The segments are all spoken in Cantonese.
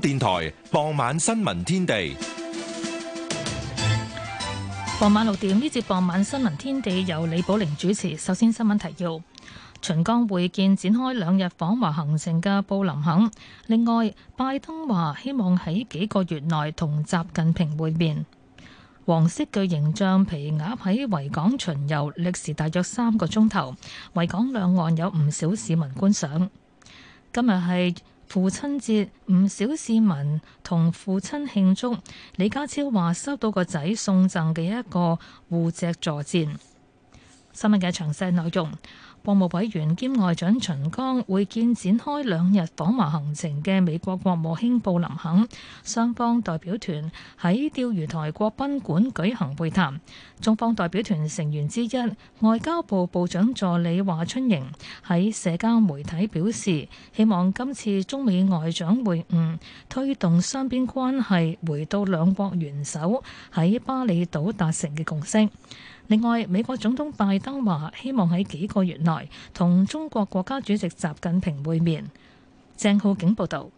電台傍晚新聞天地，傍晚六點呢節傍晚新聞天地由李寶玲主持。首先新聞提要：秦剛會見展開兩日訪華行程嘅布林肯。另外，拜登話希望喺幾個月內同習近平會面。黃色巨型橡皮鴨喺維港巡遊，歷時大約三個鐘頭。維港兩岸有唔少市民觀賞。今日係父親節，唔少市民同父親慶祝。李家超話收到個仔送贈嘅一個護脊坐墊。新聞嘅詳細內容，國務委員兼外長秦剛會見展開兩日訪華行程嘅美國國務卿布林肯，雙方代表團喺釣魚台國賓館舉行會談。中方代表團成員之一外交部部長助理華春瑩喺社交媒體表示，希望今次中美外長會晤推動雙邊關係回到兩國元首喺巴厘島達成嘅共識。另外，美國總統拜登話希望喺幾個月內同中國國家主席習近平會面。鄭浩景報導。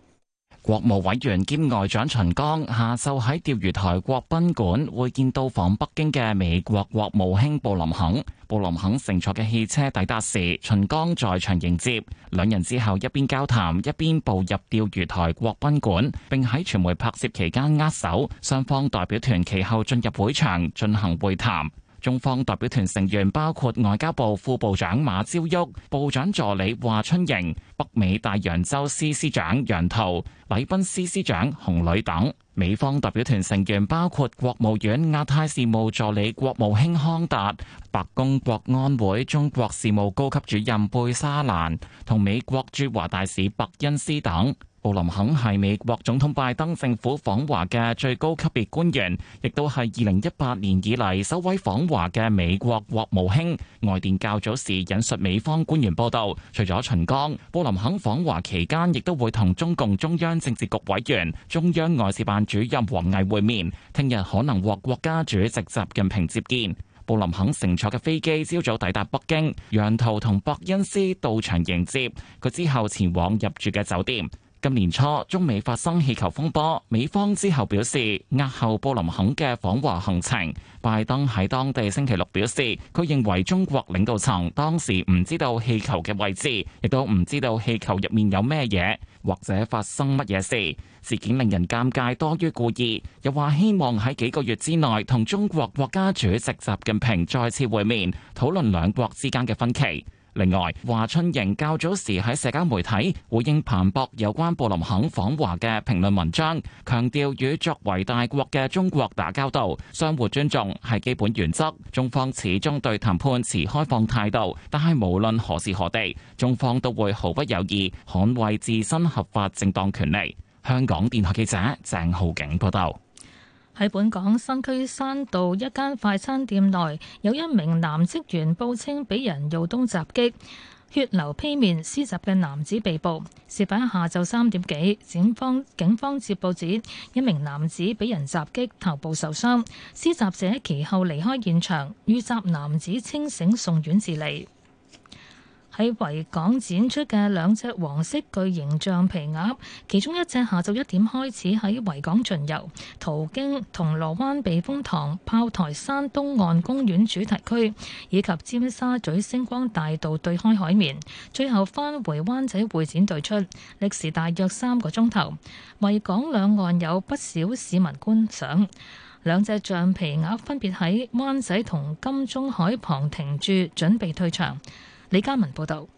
國務委員兼外長秦剛下晝喺釣魚台國賓館會見到訪北京嘅美國國務卿布林肯。布林肯乘坐嘅汽車抵達時，秦剛在場迎接，兩人之後一邊交談，一邊步入釣魚台國賓館，並喺傳媒拍攝期間握手，雙方代表團其後進入會場進行會談。中方代表團成員包括外交部副部長馬朝旭、部長助理華春瑩、北美大洋洲司司長楊濤、禮賓司司長洪磊等；美方代表團成員包括國務院亞太事務助理國務卿康達、白宮國安會中國事務高級主任貝沙蘭同美國駐華大使伯恩斯等。布林肯係美國總統拜登政府訪華嘅最高級別官員，亦都係二零一八年以嚟首位訪華嘅美國國務卿。外電較早時引述美方官員報道，除咗秦剛，布林肯訪華期間亦都會同中共中央政治局委員、中央外事辦主任王毅會面。聽日可能獲國家主席習近平接見。布林肯乘坐嘅飛機朝早抵達北京，楊濤同博恩斯到場迎接。佢之後前往入住嘅酒店。今年初，中美發生氣球風波，美方之後表示押後布林肯嘅訪華行程。拜登喺當地星期六表示，佢認為中國領導層當時唔知道氣球嘅位置，亦都唔知道氣球入面有咩嘢，或者發生乜嘢事。事件令人尷尬多於故意，又話希望喺幾個月之內同中國國家主席習近平再次會面，討論兩國之間嘅分歧。另外，華春瑩較早時喺社交媒體回應彭博有關布林肯訪華嘅評論文章，強調與作為大國嘅中國打交道，相互尊重係基本原則，中方始終對談判持開放態度，但係無論何時何地，中方都會毫不猶豫捍衛自身合法正當權利。香港電台記者鄭浩景報道。喺本港新區山道一間快餐店內，有一名男職員報稱俾人用刀襲擊，血流披面，施襲嘅男子被捕。事發下晝三點幾，警方警方接報指一名男子俾人襲擊，頭部受傷，施襲者其後離開現場，遇襲男子清醒送院治理。喺維港展出嘅兩隻黃色巨型橡皮鴨，其中一隻下晝一點開始喺維港巡遊，途經銅鑼灣避風塘、炮台山東岸公園主題區以及尖沙咀星光大道對開海面，最後返回，回灣仔會展對出，歷時大約三個鐘頭。維港兩岸有不少市民觀賞，兩隻橡皮鴨分別喺灣仔同金鐘海旁停住，準備退場。李嘉文報道。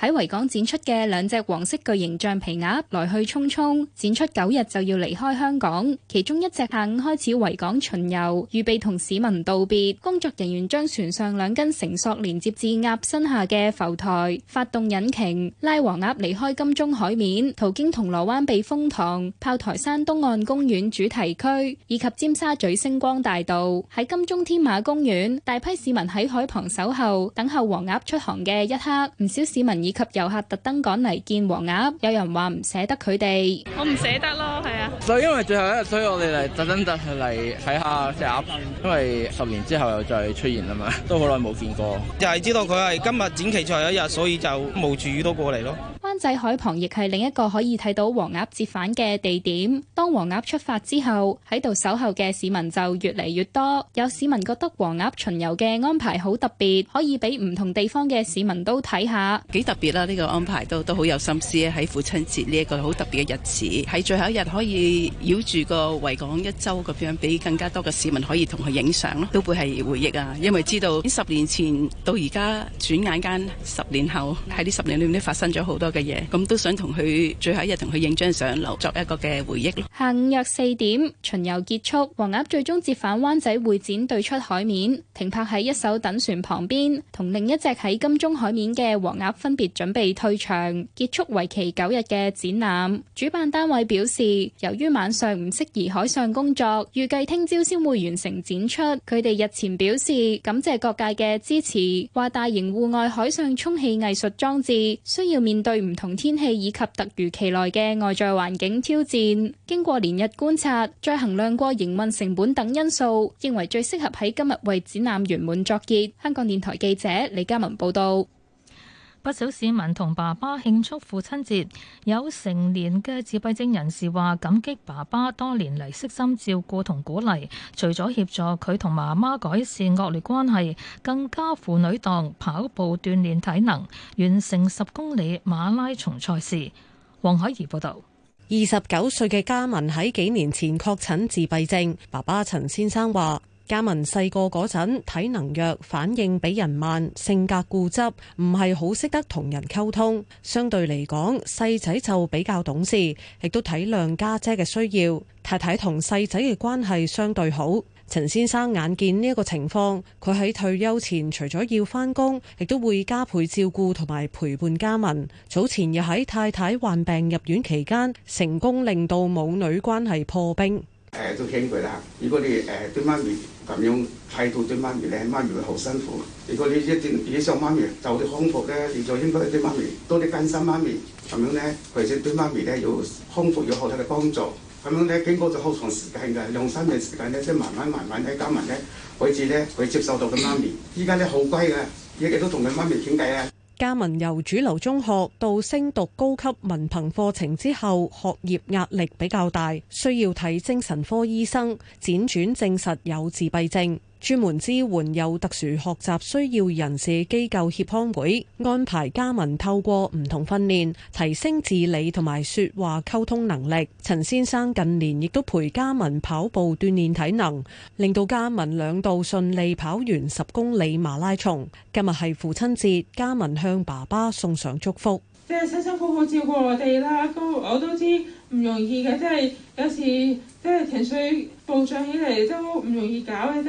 喺維港展出嘅兩隻黃色巨型橡皮鴨來去匆匆，展出九日就要離開香港。其中一隻下午開始維港巡遊，預備同市民道別。工作人員將船上兩根繩索連接至鴨身下嘅浮台，發動引擎，拉黃鴨離開金鐘海面，途經銅鑼灣避風塘、炮台山東岸公園主題區以及尖沙咀星光大道。喺金鐘添馬公園，大批市民喺海旁守候，等候黃鴨出航嘅一刻。唔少市民，以及遊客特登趕嚟見黃鴨，有人話唔捨得佢哋，我唔捨得咯。係。所以因為最後一日，所以我哋嚟特登特去嚟睇下隻鴨，因為十年之後又再出現吖嘛，都好耐冇見過。又係知道佢係今日展期最後一日，所以就冒住雨都過嚟咯。灣仔海旁亦係另一個可以睇到黃鴨折返嘅地點。當黃鴨出發之後，喺度守候嘅市民就越嚟越多。有市民覺得黃鴨巡遊嘅安排好特別，可以俾唔同地方嘅市民都睇下。幾特別啦！呢個安排都都好有心思，喺父親節呢一個好特別嘅日子，喺最後一日可以。繞住個維港一周咁樣，俾更加多嘅市民可以同佢影相咯，都會係回憶啊。因為知道十年前到而家轉眼間十年後，喺呢十年裏面都發生咗好多嘅嘢，咁都想同佢最後一日同佢影張相，留作一個嘅回憶咯。下午約四點巡遊結束，黃鴨最終折返灣仔會展對出海面停泊喺一艘等船旁邊，同另一隻喺金鐘海面嘅黃鴨分別準備退場，結束為期九日嘅展覽。主辦單位表示由。於晚上唔適宜海上工作，預計聽朝先會完成展出。佢哋日前表示感謝各界嘅支持，話大型戶外海上充氣藝術裝置需要面對唔同天氣以及突如其來嘅外在環境挑戰。經過連日觀察，再衡量過營運成本等因素，認為最適合喺今日為展覽圓滿作結。香港電台記者李嘉文報道。不少市民同爸爸慶祝父親節，有成年嘅自閉症人士話感激爸爸多年嚟悉心照顧同鼓勵，除咗協助佢同媽媽改善惡劣關係，更加父女檔跑步鍛鍊體能，完成十公里馬拉松賽事。黃海怡報導。二十九歲嘅嘉文喺幾年前確診自閉症，爸爸陳先生話。家文細個嗰陣體能弱，反應比人慢，性格固執，唔係好識得同人溝通。相對嚟講，細仔就比較懂事，亦都體諒家姐嘅需要。太太同細仔嘅關係相對好。陳先生眼見呢一個情況，佢喺退休前除咗要返工，亦都會加倍照顧同埋陪伴家文。早前又喺太太患病入院期間，成功令到母女關係破冰。誒、呃、都勸佢啦！如果你誒、呃、對媽咪咁樣態度對媽咪呢，媽咪會好辛苦。如果你一定以想媽咪早啲康復呢，你就應該對媽咪多啲關心媽咪咁樣呢，或者對媽咪呢，有康復有好多嘅幫助。咁樣呢。經過咗好長時間嘅兩三年時間呢，即慢慢慢慢喺加文呢，開始呢佢接受到嘅媽咪，依家呢，好乖嘅，一直都同佢媽咪傾偈啊！加文由主流中學到升讀高級文憑課程之後，學業壓力比較大，需要睇精神科醫生，輾轉證實有自閉症。專門支援有特殊學習需要人士機構協康會安排嘉文透過唔同訓練提升自理同埋說話溝通能力。陳先生近年亦都陪嘉文跑步鍛煉體能，令到嘉文兩度順利跑完十公里馬拉松。今日係父親節，嘉文向爸爸送上祝福，即係親親好好照顧我哋啦。咁我都知。唔容易嘅，即係有時即係情緒暴漲起嚟都唔容易搞嘅，即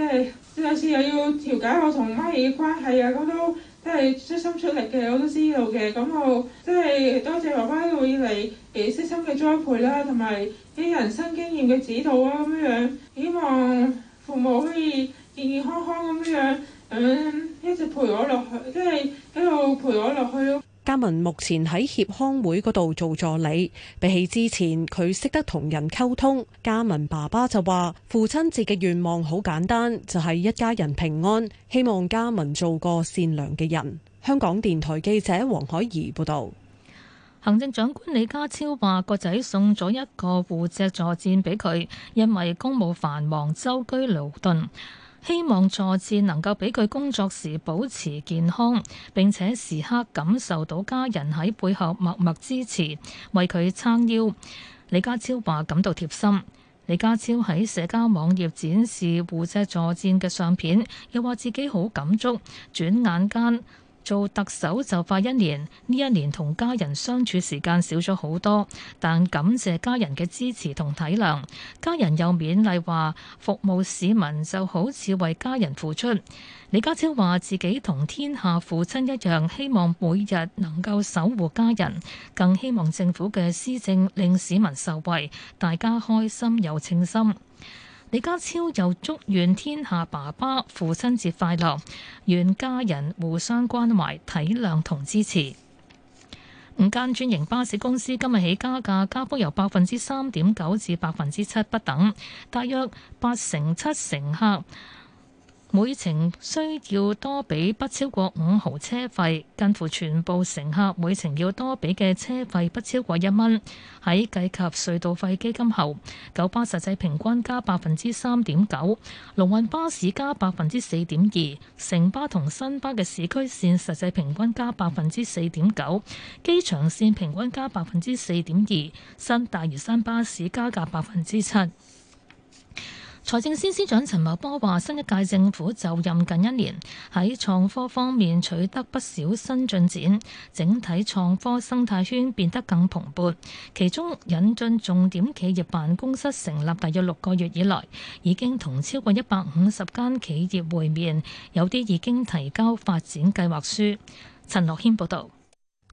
係有時又要調解我同媽咪嘅關係啊，咁都即係出心出力嘅，我都知道嘅。咁我即係多謝我爸爸一路以嚟悉心嘅栽培啦，同埋啲人生經驗嘅指導啊咁樣。希望父母可以健健康康咁樣，咁一直陪我落去，即係一路陪我落去咯。嘉文目前喺協康會嗰度做助理，比起之前佢識得同人溝通。嘉文爸爸就話，父親節嘅願望好簡單，就係一家人平安，希望嘉文做個善良嘅人。香港電台記者黃海怡報道。行政長官李家超話，個仔送咗一個護脊坐墊俾佢，因為公務繁忙，舟車勞頓。希望助戰能夠俾佢工作時保持健康，並且時刻感受到家人喺背後默默支持，為佢撐腰。李家超話感到貼心。李家超喺社交網頁展示護脊助戰嘅相片，又話自己好感觸。轉眼間，做特首就快一年，呢一年同家人相處時間少咗好多，但感謝家人嘅支持同體諒，家人又勉勵話服務市民就好似為家人付出。李家超話自己同天下父親一樣，希望每日能夠守護家人，更希望政府嘅施政令市民受惠，大家開心又稱心。李家超又祝願天下爸爸父親節快樂，願家人互相關懷體諒同支持。五間專營巴士公司今日起加價，加幅由百分之三點九至百分之七不等，大約八成七乘客，每程需要多俾不超過五毫車費，近乎全部乘客每程要多俾嘅車費不超過一蚊。喺計及隧道費基金後，九巴實際平均加百分之三點九，龍運巴士加百分之四點二，城巴同新巴嘅市區線實際平均加百分之四點九，機場線平均加百分之四點二，新大嶼山巴士加價百分之七。財政司司長陳茂波話：新一屆政府就任近一年，喺創科方面取得不少新進展，整體創科生態圈變得更蓬勃。其中引進重點企業辦公室成立大約六個月以來，已經同超過一百五十間企業會面，有啲已經提交發展計劃書。陳樂軒報導。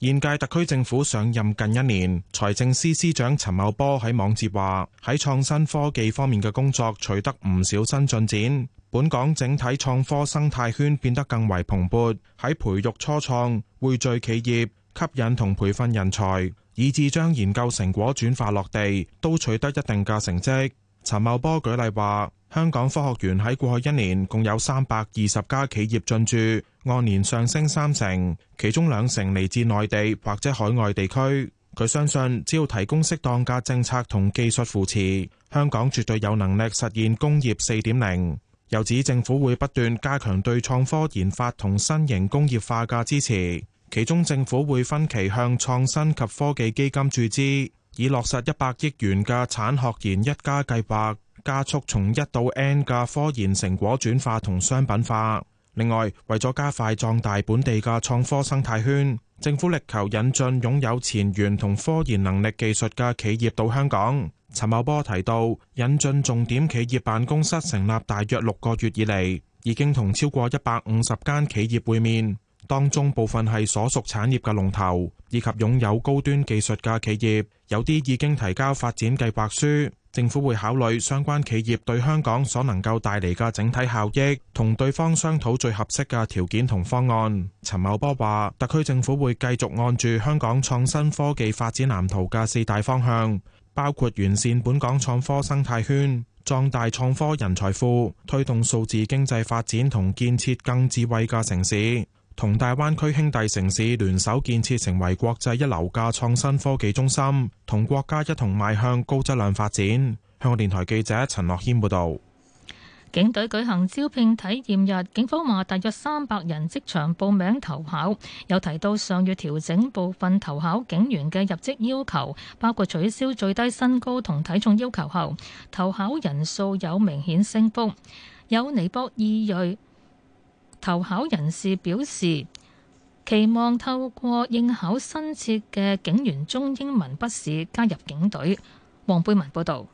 現屆特區政府上任近一年，財政司司長陳茂波喺網誌話：喺創新科技方面嘅工作取得唔少新進展，本港整體創科生態圈變得更為蓬勃。喺培育初創、匯聚企業、吸引同培訓人才，以至將研究成果轉化落地，都取得一定嘅成績。陳茂波舉例話。香港科學園喺過去一年共有三百二十家企業進駐，按年上升三成，其中兩成嚟自內地或者海外地區。佢相信，只要提供適當嘅政策同技術扶持，香港絕對有能力實現工業四點零。又指政府會不斷加強對創科研發同新型工業化嘅支持，其中政府會分期向創新及科技基金注資，以落實一百億元嘅產學研一家計劃。加速從一到 N 嘅科研成果轉化同商品化。另外，為咗加快壯大本地嘅創科生態圈，政府力求引進擁有前沿同科研能力技術嘅企業到香港。陳茂波提到，引進重點企業辦公室成立大約六個月以嚟，已經同超過一百五十間企業會面，當中部分係所屬產業嘅龍頭，以及擁有高端技術嘅企業，有啲已經提交發展計劃書。政府會考慮相關企業對香港所能夠帶嚟嘅整體效益，同對方商討最合適嘅條件同方案。陳茂波話，特區政府會繼續按住香港創新科技發展藍圖嘅四大方向，包括完善本港創科生態圈、壯大創科人才庫、推動數字經濟發展同建設更智慧嘅城市。同大灣區兄弟城市聯手建設，成為國際一流嘅創新科技中心，同國家一同邁向高質量發展。香港電台記者陳樂謙報道。警隊舉行招聘體驗日，警方話大約三百人即場報名投考，有提到上月調整部分投考警員嘅入職要求，包括取消最低身高同體重要求後，投考人數有明顯升幅，有尼泊爾裔。投考人士表示，期望透過應考新設嘅警員中英文筆試加入警隊。黃貝文報道。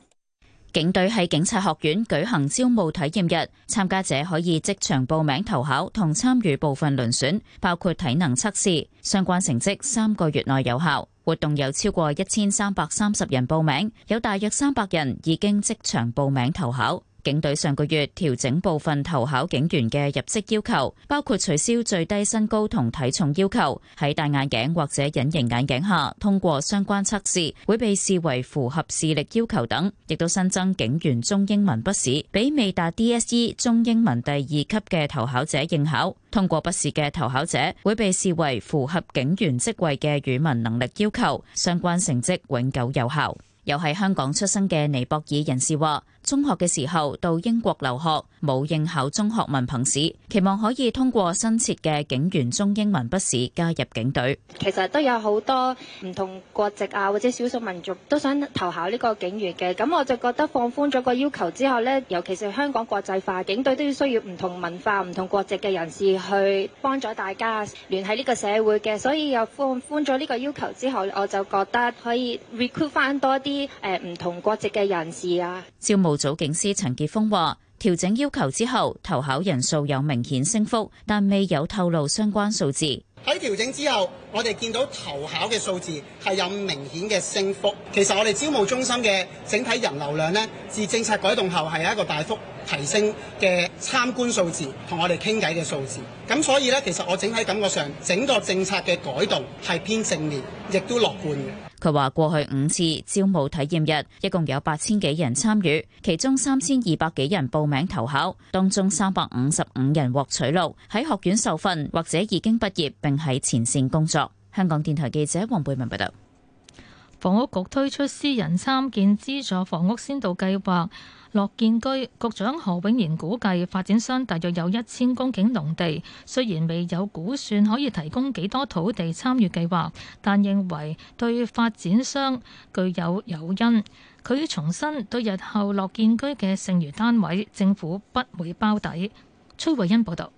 警隊喺警察學院舉行招募體驗日，參加者可以即場報名投考同參與部分遴選，包括體能測試，相關成績三個月內有效。活動有超過一千三百三十人報名，有大約三百人已經即場報名投考。警隊上個月調整部分投考警員嘅入職要求，包括取消最低身高同體重要求，喺戴眼鏡或者隱形眼鏡下通過相關測試會被視為符合視力要求等，亦都新增警員中英文筆試，俾未達 DSE 中英文第二級嘅投考者應考。通過筆試嘅投考者會被視為符合警員職位嘅語文能力要求，相關成績永久有效。有喺香港出生嘅尼泊爾人士話。中學嘅時候到英國留學，冇應考中學文憑試，期望可以通過新設嘅警員中英文筆試加入警隊。其實都有好多唔同國籍啊，或者少數民族都想投考呢個警員嘅。咁我就覺得放寬咗個要求之後呢，尤其是香港國際化，警隊都要需要唔同文化、唔同國籍嘅人士去幫咗大家聯繫呢個社會嘅。所以又放寬咗呢個要求之後，我就覺得可以 recruit 翻多啲誒唔同國籍嘅人士啊，招募。組警司陳杰峰話：調整要求之後，投考人數有明顯升幅，但未有透露相關數字。喺調整之後。我哋見到投考嘅數字係有明顯嘅升幅，其實我哋招募中心嘅整體人流量咧，自政策改動後係一個大幅提升嘅參觀數字同我哋傾偈嘅數字。咁所以咧，其實我整體感覺上整個政策嘅改動係偏正面，亦都樂觀嘅。佢話過去五次招募體驗日，一共有八千幾人參與，其中三千二百幾人報名投考，當中三百五十五人獲取錄，喺學院受訓或者已經畢業並喺前線工作。香港電台記者黃貝文報道，房屋局推出私人參建資助房屋先導計劃樂建居，局長何永賢估計發展商大約有一千公頃農地，雖然未有估算可以提供幾多土地參與計劃，但認為對發展商具有誘因。佢重申對日後樂建居嘅剩餘單位，政府不會包底。崔慧欣報道。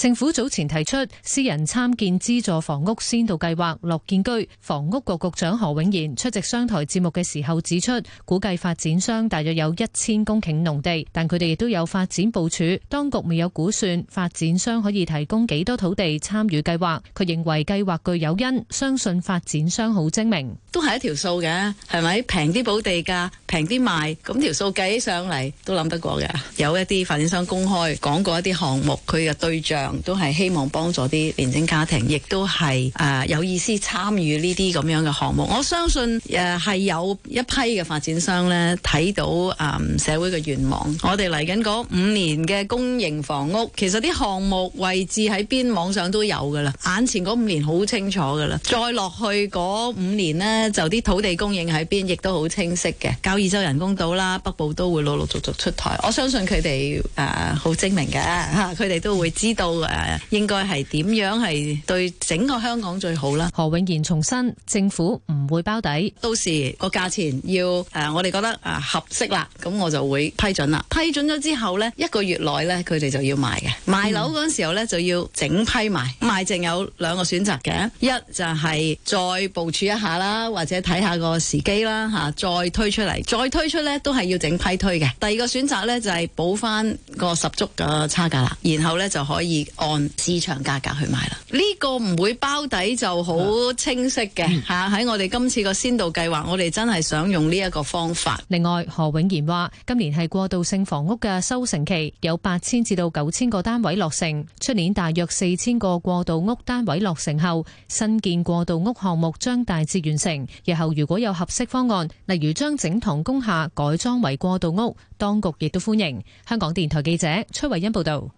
政府早前提出私人參建資助房屋先導計劃樂建居，房屋局局長何永賢出席商台節目嘅時候指出，估計發展商大約有一千公頃農地，但佢哋亦都有發展部署。當局未有估算，發展商可以提供幾多土地參與計劃。佢認為計劃具有因，相信發展商好精明，都係一條數嘅，係咪平啲補地價，平啲賣，咁條數計起上嚟都諗得過嘅。有一啲發展商公開講過一啲項目，佢嘅對象。都係希望幫助啲年青家庭，亦都係誒、呃、有意思參與呢啲咁樣嘅項目。我相信誒係、呃、有一批嘅發展商呢睇到啊、呃、社會嘅願望。我哋嚟緊嗰五年嘅公營房屋，其實啲項目位置喺邊網上都有噶啦。眼前嗰五年好清楚噶啦，再落去嗰五年呢，就啲土地供應喺邊，亦都好清晰嘅。交椅洲人工島啦，北部都會陸陸續續出台。我相信佢哋誒好精明嘅吓，佢哋都會知道。誒，應該係點樣係對整個香港最好啦？何永賢重申，政府唔會包底，到時個價錢要誒、呃，我哋覺得誒合適啦，咁我就會批准啦。批准咗之後呢，一個月內呢，佢哋就要賣嘅。賣樓嗰陣時候呢，就要整批賣。嗯、賣淨有兩個選擇嘅，一就係再部署一下啦，或者睇下個時機啦，吓、啊、再推出嚟。再推出呢，都係要整批推嘅。第二個選擇呢，就係補翻個十足嘅差價啦，然後呢，就可以。按市場價格去買啦，呢個唔會包底就好清晰嘅吓。喺、 啊、我哋今次個先導計劃，我哋真係想用呢一個方法。另外，何永賢話：今年係過渡性房屋嘅收成期，有八千至到九千個單位落成。出年大約四千個過渡屋單位落成後，新建過渡屋項目將大致完成。日後如果有合適方案，例如將整堂工廈改裝為過渡屋，當局亦都歡迎。香港電台記者崔偉欣報道。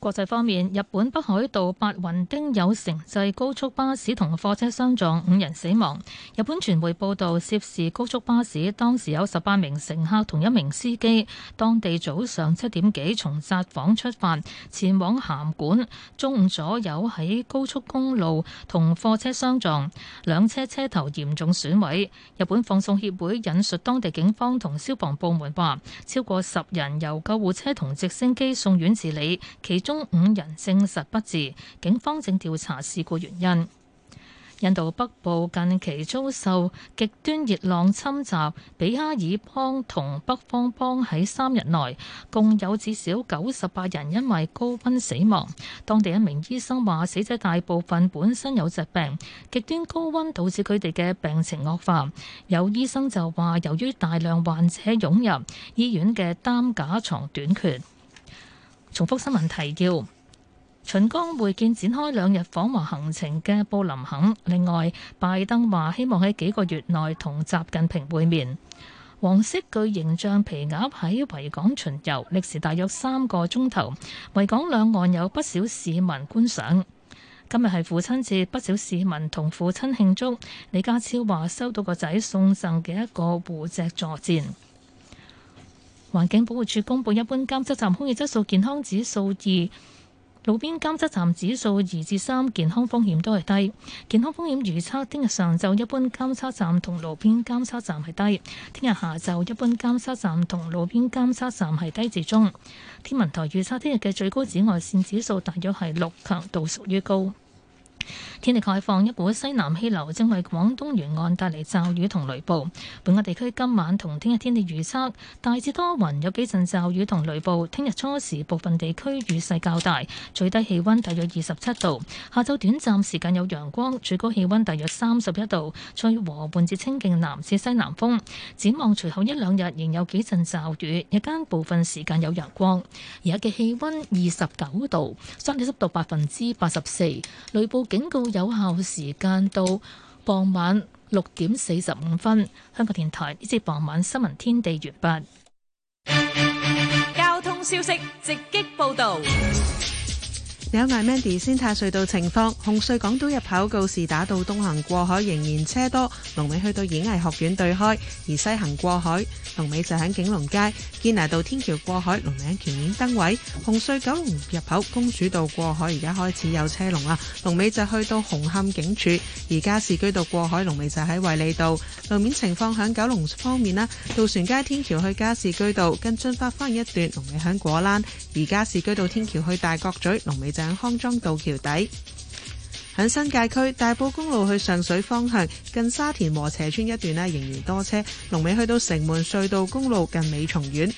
國際方面，日本北海道八雲町有城際高速巴士同貨車相撞，五人死亡。日本傳媒報導，涉事高速巴士當時有十八名乘客同一名司機，當地早上七點幾從札幌出發，前往函館，中午左右喺高速公路同貨車相撞，兩車車頭嚴重損毀。日本放送協會引述當地警方同消防部門話，超過十人由救護車同直升機送院治理，其中中五人證實不治，警方正調查事故原因。印度北部近期遭受極端熱浪侵襲，比哈爾邦同北方邦喺三日內共有至少九十八人因為高溫死亡。當地一名醫生話，死者大部分本身有疾病，極端高溫導致佢哋嘅病情惡化。有醫生就話，由於大量患者湧入醫院嘅擔架床短缺。重複新聞提要。秦剛會見展開兩日訪華行程嘅布林肯。另外，拜登話希望喺幾個月內同習近平會面。黃色巨型橡皮鴨喺維港巡遊，歷時大約三個鐘頭。維港兩岸有不少市民觀賞。今日係父親節，不少市民同父親慶祝。李家超話收到個仔送贈嘅一個護脊座墊。環境保護署公布一般監測站空氣質素健康指數二，路邊監測站指數二至三，健康風險都係低。健康風險預測，聽日上晝一般監測站同路邊監測站係低，聽日下晝一般監測站同路邊監測站係低至中。天文台預測聽日嘅最高紫外線指數大約係六，強度屬於高。天氣開放，一股西南氣流正為廣東沿岸帶嚟驟雨同雷暴。本港地區今晚同聽日天氣預測大致多雲，有幾陣驟雨同雷暴。聽日初時部分地區雨勢較大，最低氣溫大約二十七度。下晝短暫時間有陽光，最高氣溫大約三十一度，吹和緩至清勁南至西南風。展望隨後一兩日仍有幾陣驟雨，日間部分時間有陽光。而家嘅氣溫二十九度，相對濕度百分之八十四，雷暴幾。警告有效時間到傍晚六點四十五分。香港電台呢節傍晚新聞天地完畢。交通消息直擊報道。有埋 Mandy 先睇隧道情況，紅隧港島入口告示打到東行過海仍然車多，龍尾去到演藝學院對開；而西行過海，龍尾就喺景隆街。堅拿道天橋過海，龍尾喺橋面燈位。紅隧九龍入口公主道過海，而家開始有車龍啦。龍尾就去到紅磡警署，而加士居道過海，龍尾就喺衛理道。路面情況喺九龍方面咧，渡船街天橋去加士居道跟進發翻一段，龍尾響果欄；而加士居道天橋去大角咀，龍尾。響康莊道橋底，喺新界區大埔公路去上水方向近沙田和斜村一段咧，仍然多車。龍尾去到城門隧道公路近美松苑。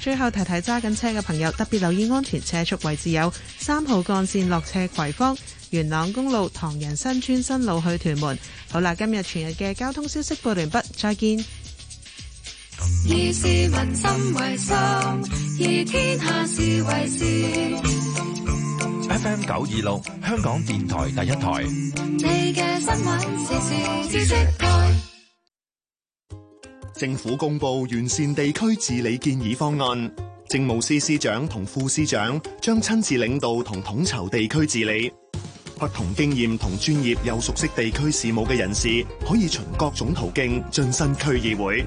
最後提提揸緊車嘅朋友，特別留意安全車，車速位置有三號幹線落斜葵芳元朗公路唐人新村新路去屯門。好啦，今日全日嘅交通消息報完畢，再見。以市民心為心，以天下事為事。FM 九二六，香港電台第一台。時時時，政府公布完善地區治理建議方案，政務司司長同副司長將親自領導同統籌地區治理。不同經驗同專業又熟悉地區事務嘅人士，可以循各種途徑晉身區議會。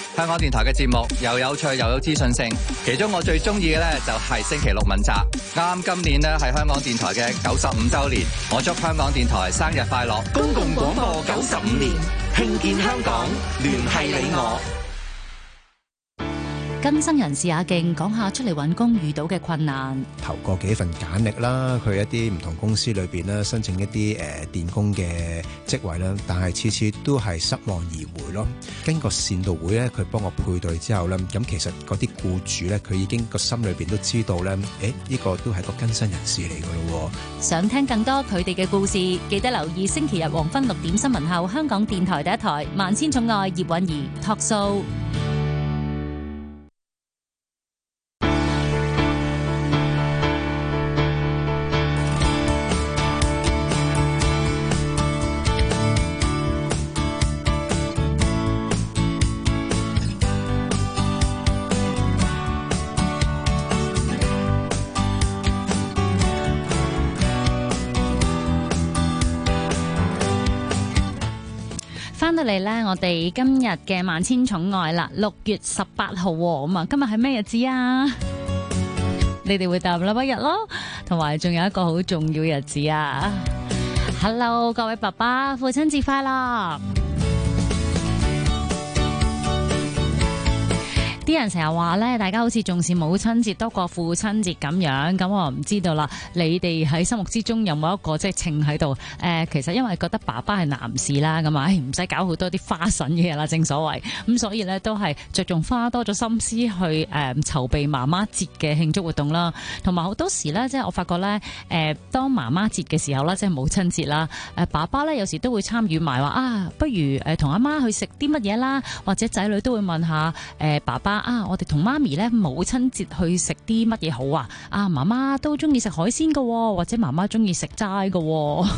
香港電台嘅節目又有趣又有資訊性，其中我最中意嘅咧就係星期六問責，啱今年咧係香港電台嘅九十五周年，我祝香港電台生日快樂！公共廣播九十五年，慶建香港，聯繫你我。更新人士阿勁講下出嚟揾工遇到嘅困難，投過幾份簡歷啦，去一啲唔同公司裏邊啦，申請一啲誒電工嘅職位啦，但係次次都係失望而回咯。經過善導會咧，佢幫我配對之後咧，咁其實嗰啲雇主咧，佢已經個心裏邊都知道咧，誒呢個都係個更新人士嚟噶咯。想聽更多佢哋嘅故事，記得留意星期日黃昏六點新聞後，香港電台第一台萬千寵愛葉韻儀托數。咧，我哋今日嘅萬千寵愛啦，六月十八號，咁啊，今日係咩日子啊？你哋會答禮拜日咯，同埋仲有一個好重要日子啊！Hello，各位爸爸，父親節快樂！啲人成日話咧，大家好似重視母親節多過父親節咁樣，咁我唔知道啦。你哋喺心目之中有冇一個即係稱喺度？誒、呃、其實因為覺得爸爸係男士啦，咁啊唔使搞好多啲花神嘅嘢啦。正所謂咁，所以咧都係着重花多咗心思去誒籌、呃、備媽媽節嘅慶祝活動啦。同埋好多時咧，即係我發覺咧，誒、呃、當媽媽節嘅時候啦，即係母親節啦，誒爸爸咧有時都會參與埋話啊，不如誒同阿媽去食啲乜嘢啦，或者仔女都會問下誒、呃、爸爸。啊啊，我哋同媽咪咧，母親節去食啲乜嘢好啊？啊，媽媽都中意食海鮮噶喎，或者媽媽中意食齋噶。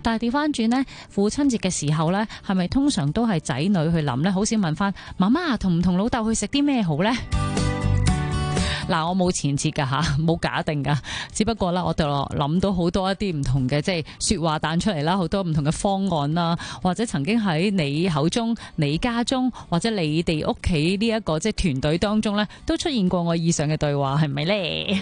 但係調翻轉呢，父親節嘅時候呢，係咪通常都係仔女去諗呢？好少問翻媽媽同唔同老豆去食啲咩好呢？嗱，我冇前設㗎吓，冇、啊、假定㗎，只不過咧，我就諗到好多一啲唔同嘅即係説話彈出嚟啦，好多唔同嘅方案啦，或者曾經喺你口中、你家中或者你哋屋企呢一個即係團隊當中咧，都出現過我以上嘅對話，係咪咧？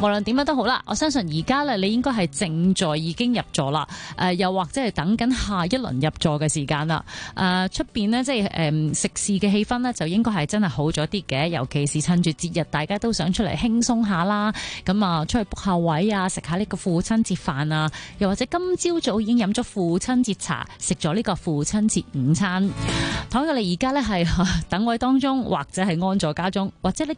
無論點樣都好啦，我相信而家咧，你應該係正在已經入座啦，誒、呃，又或者係等緊下一輪入座嘅時間啦。誒、呃，出邊呢，即係誒、呃、食肆嘅氣氛呢，就應該係真係好咗啲嘅，尤其是趁住節日，大家都想出嚟輕鬆下啦，咁啊，出去卜下位啊，食下呢個父親節飯啊，又或者今朝早，早已經飲咗父親節茶，食咗呢個父親節午餐。倘若你而家呢，係等位當中，或者係安坐家中，或者你……